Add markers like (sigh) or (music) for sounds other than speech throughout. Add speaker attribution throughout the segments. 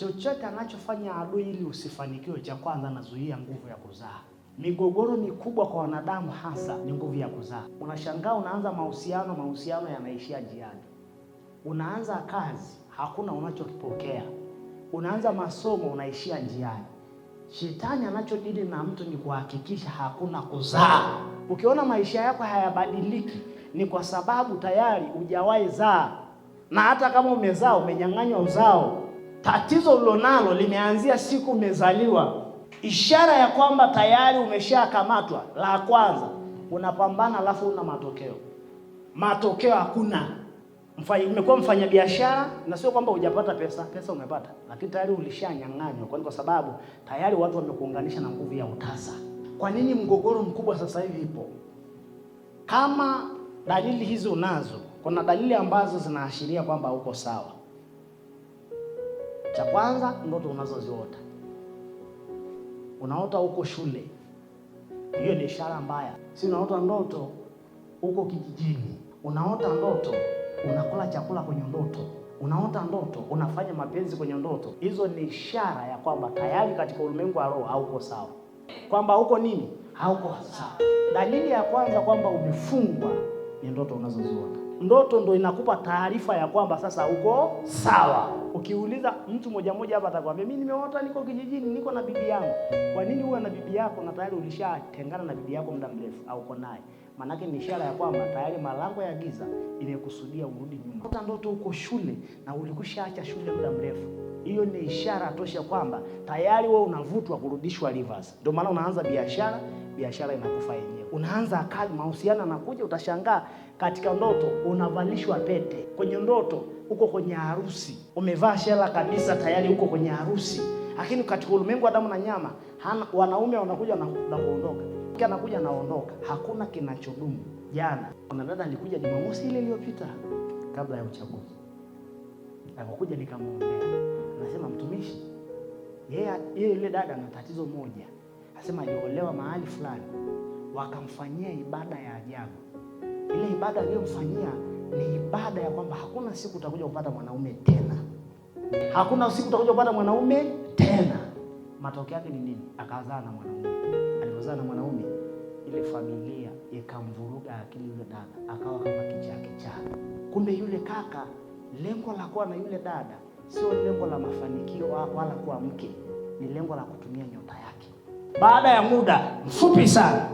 Speaker 1: chochote anachofanya adui ili usifanikiwe, cha kwanza anazuia nguvu ya kuzaa. Migogoro mikubwa kwa wanadamu hasa ni nguvu ya kuzaa. Unashangaa unaanza mahusiano, mahusiano yanaishia njiani. Unaanza kazi, hakuna unachokipokea. Unaanza masomo, unaishia njiani. Shetani anachodili na mtu ni kuhakikisha hakuna kuzaa. Ukiona maisha yako hayabadiliki, ni kwa sababu tayari hujawahi zaa, na hata kama umezaa umenyang'anywa uzao. Tatizo ulilonalo limeanzia siku umezaliwa, ishara ya kwamba tayari umeshakamatwa. La kwanza unapambana, alafu una matokeo, matokeo hakuna. Umekuwa mfanyabiashara na sio kwamba hujapata pesa, pesa umepata, lakini tayari ulishanyang'anywa. Kwani kwa sababu tayari watu wamekuunganisha na nguvu ya utasa. Kwa nini mgogoro mkubwa sasa hivi ipo? Kama dalili hizo unazo, kuna dalili ambazo zinaashiria kwamba uko sawa cha kwanza ndoto unazoziota, unaota huko shule, hiyo ni ishara mbaya. Si unaota ndoto huko kijijini, unaota ndoto unakula chakula kwenye ndoto, unaota ndoto unafanya mapenzi kwenye ndoto, hizo ni ishara ya kwamba tayari katika ulimwengu wa roho hauko sawa, kwamba huko nini hauko sawa. Dalili ya kwanza kwamba umefungwa ni ndoto unazoziota ndoto ndo inakupa taarifa ya kwamba sasa uko sawa. Ukiuliza mtu moja moja hapa atakwambia mimi nimeota niko kijijini, niko na bibi yangu. Kwa nini uwe na bibi yako na tayari ulishatengana na bibi yako muda mrefu au uko naye? Maanake ni ishara ya kwamba tayari malango ya giza imekusudia urudi nyuma. Hata ndoto uko shule na ulikushaacha shule muda mrefu, hiyo ni ishara tosha kwamba tayari wewe unavutwa kurudishwa rivers. Ndio maana unaanza biashara, biashara inakufa yenyewe unaanza akali, mahusiano anakuja Utashangaa katika ndoto unavalishwa pete, kwenye ndoto uko kwenye harusi, umevaa shela kabisa, tayari uko kwenye harusi. Lakini katika ulimwengu wa damu na nyama hana, wanaume wanakuja na kuondoka, anakuja naondoka, hakuna kinachodumu. Jana mwanadada alikuja Jumamosi ile iliyopita kabla ya uchaguzi, akakuja nikamwombea, anasema mtumishi, yeye yeye, ile dada ana tatizo moja, asema aliolewa mahali fulani wakamfanyia ibada ya ajabu. Ile ibada aliyomfanyia ni ibada ya kwamba hakuna siku utakuja kupata mwanaume tena, hakuna siku utakuja kupata mwanaume tena. Matokeo yake ni nini? Akazaa na mwanaume. Alipozaa na mwanaume, ile familia ikamvuruga akili, yule dada akawa kama kichaa kichaa. Kumbe yule kaka, lengo la kuwa na yule dada sio lengo la mafanikio wala kuwa mke, ni lengo la kutumia nyota yake. Baada ya muda mfupi sana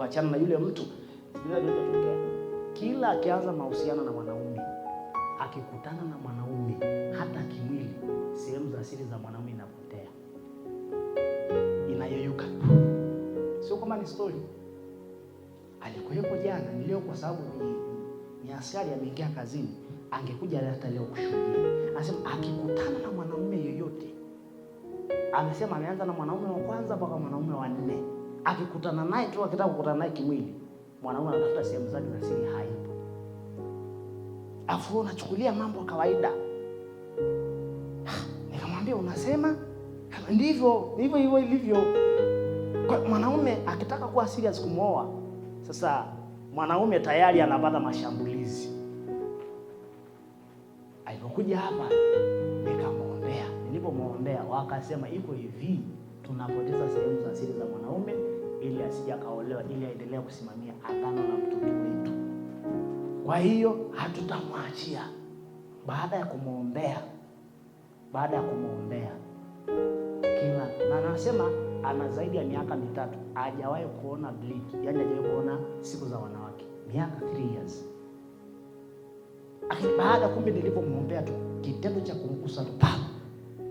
Speaker 1: kuachana na yule mtu. Kila akianza mahusiano na mwanaume, akikutana na mwanaume hata kimwili, sehemu za siri za mwanaume inapotea, inayoyuka. Sio kama ni story alikuwepo jana, ni leo, kwa sababu ni, ni askari ameingia kazini, angekuja hata leo kushuhudia. Anasema akikutana na mwanaume yoyote, amesema ameanza na mwanaume wa kwanza mpaka mwanaume wa nne akikutana naye tu, akitaka kukutana naye kimwili, mwanaume anatafuta sehemu zake za siri, haipo. Afu unachukulia mambo kawaida. (sighs) Nikamwambia, unasema ndivyo, ndivyo hivyo ilivyo. Kwa mwanaume akitaka kuwa serious kumwoa, sasa mwanaume tayari anapata mashambulizi. Alipokuja hapa nikamwombea, nilipomwombea wakasema iko hivi, tunapoteza sehemu za siri za mwanaume ili asija akaolewa, ili aendelee kusimamia agano la mtoto wetu. Kwa hiyo hatutamwachia baada ya kumwombea, baada ya kumwombea kila na anasema ana zaidi ya miaka mitatu hajawahi kuona bleed, yani hajawahi kuona siku za wanawake miaka 3 years. Lakini baada kumbe, nilipomwombea tu kitendo cha kumgusa tu,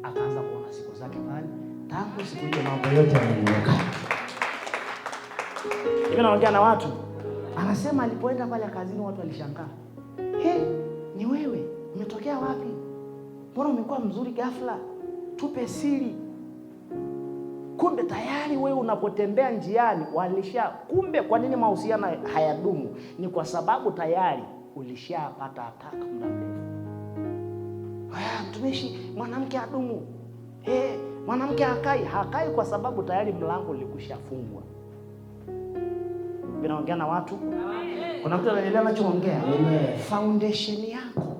Speaker 1: akaanza kuona siku zake, bali tangu siku hiyo mambo yote yanaeleweka. Hivi naongea na watu. Anasema alipoenda pale kazini watu walishangaa. He, ni wewe umetokea wapi? Mbona umekuwa mzuri ghafla? Tupe siri. Kumbe tayari wewe unapotembea njiani walisha. Kumbe kwa nini mahusiano hayadumu? Ni kwa sababu tayari ulishapata ataka muda mrefu. Mtumishi, mwanamke adumu. Hey, mwanamke hakai. Hakai kwa sababu tayari mlango ulikushafungwa vinaongea na watu. Kuna mtu anaelewa anachoongea? Foundation yako,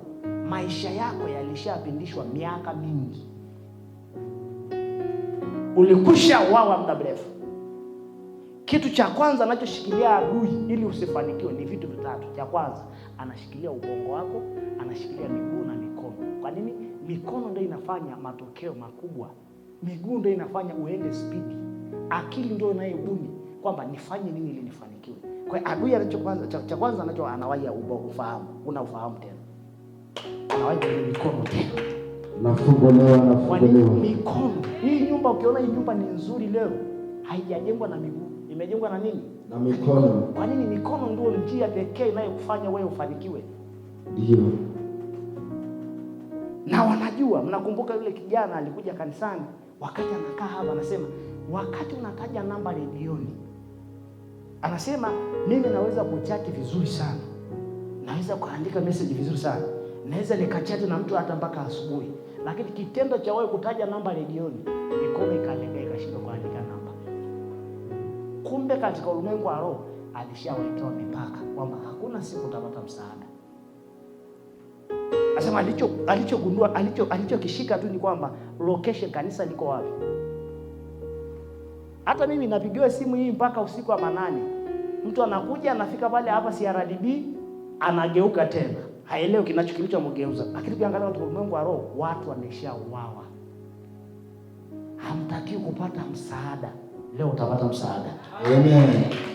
Speaker 1: maisha yako yalishapindishwa miaka mingi, ulikusha wawa muda mrefu. Kitu cha kwanza anachoshikilia adui ili usifanikiwe ni vitu vitatu. Cha kwanza anashikilia ubongo wako, anashikilia miguu na mikono. Kwa nini? Mikono ndio inafanya matokeo makubwa, miguu ndio inafanya uende spidi, akili ndio inayebuni kwamba nifanye nini ili nifanikiwe. Kwa hiyo adui anacho cha kwanza anacho anawahi ufahamu, una ufahamu tena, anawahi mikono tena,
Speaker 2: nafunguliwa nafunguliwa
Speaker 1: mikono. Hii nyumba ukiona hii nyumba ni nzuri leo, haijajengwa na miguu, imejengwa na nini?
Speaker 2: Na mikono. Kwa
Speaker 1: nini? Mikono ndio njia pekee inayokufanya wewe ufanikiwe. Ndio na wanajua. Mnakumbuka yule kijana alikuja kanisani, wakati anakaa hapa, anasema wakati unataja namba redioni Anasema mimi naweza kuchati vizuri sana, naweza kuandika message vizuri sana, naweza nikachati na mtu hata mpaka asubuhi, lakini kitendo cha wewe kutaja namba redioni mikono ikalegea, ikashindwa kuandika namba. Kumbe katika ulimwengu wa roho alishawekewa mipaka kwamba hakuna siku utapata msaada. Anasema alichogundua, alicho alichokishika alicho tu ni kwamba location kanisa liko wapi. Hata mimi napigiwa simu hii mpaka usiku wa manane Mtu anakuja anafika pale hapa CRDB anageuka tena. Haelewi kinachokilicho mgeuza. Lakini ukiangalia watu wa Mungu wa roho, watu wameshauawa. hamtaki kupata msaada. Leo utapata msaada.
Speaker 2: Amen.